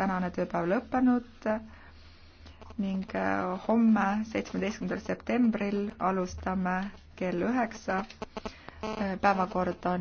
tänane tööpäev lõppenud ning äh, homme, seitsmeteistkümnendal septembril alustame kell üheksa. Äh, päevakord on